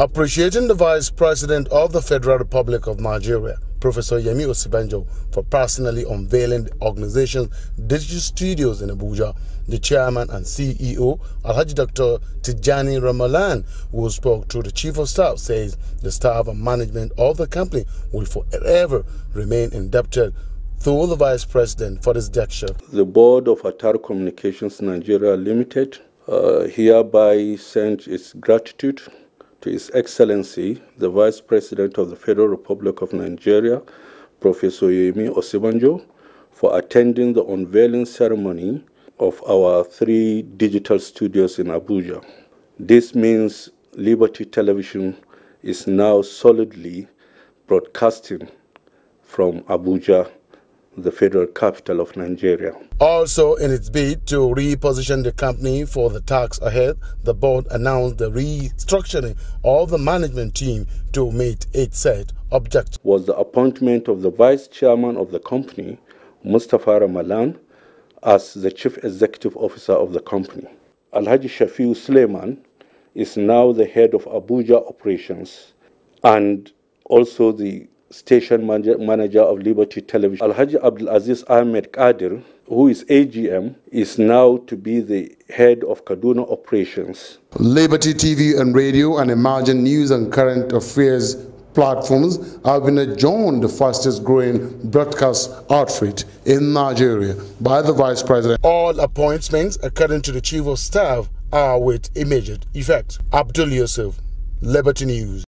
appreciating the Vice President of the Federal Republic of Nigeria, Professor Yemi Osibanjo, for personally unveiling the organization's digital studios in Abuja. The chairman and CEO, Alhaji Dr. Tijani Ramalan, who spoke to the chief of staff, says the staff and management of the company will forever remain indebted to the vice president for this gesture. The board of Atar Communications Nigeria Limited uh, hereby sends its gratitude to His Excellency, the Vice President of the Federal Republic of Nigeria, Professor Yemi Osibanjo, for attending the unveiling ceremony of our three digital studios in Abuja. This means Liberty Television is now solidly broadcasting from Abuja the federal capital of Nigeria. Also, in its bid to reposition the company for the tax ahead, the board announced the restructuring of the management team to meet its set objectives. Was the appointment of the vice chairman of the company, Mustafa Ramalan, as the chief executive officer of the company. Alhaji Shafiu Suleiman is now the head of Abuja operations and also the station manager of Liberty Television. Alhaji Abdul Aziz Ahmed Qadir, who is AGM, is now to be the head of Kaduna operations. Liberty TV and radio and emerging news and current affairs platforms have been adjourned the fastest growing broadcast outfit in Nigeria by the Vice President. All appointments, according to the Chief of Staff, are with immediate effect. Abdul Yusuf, Liberty News.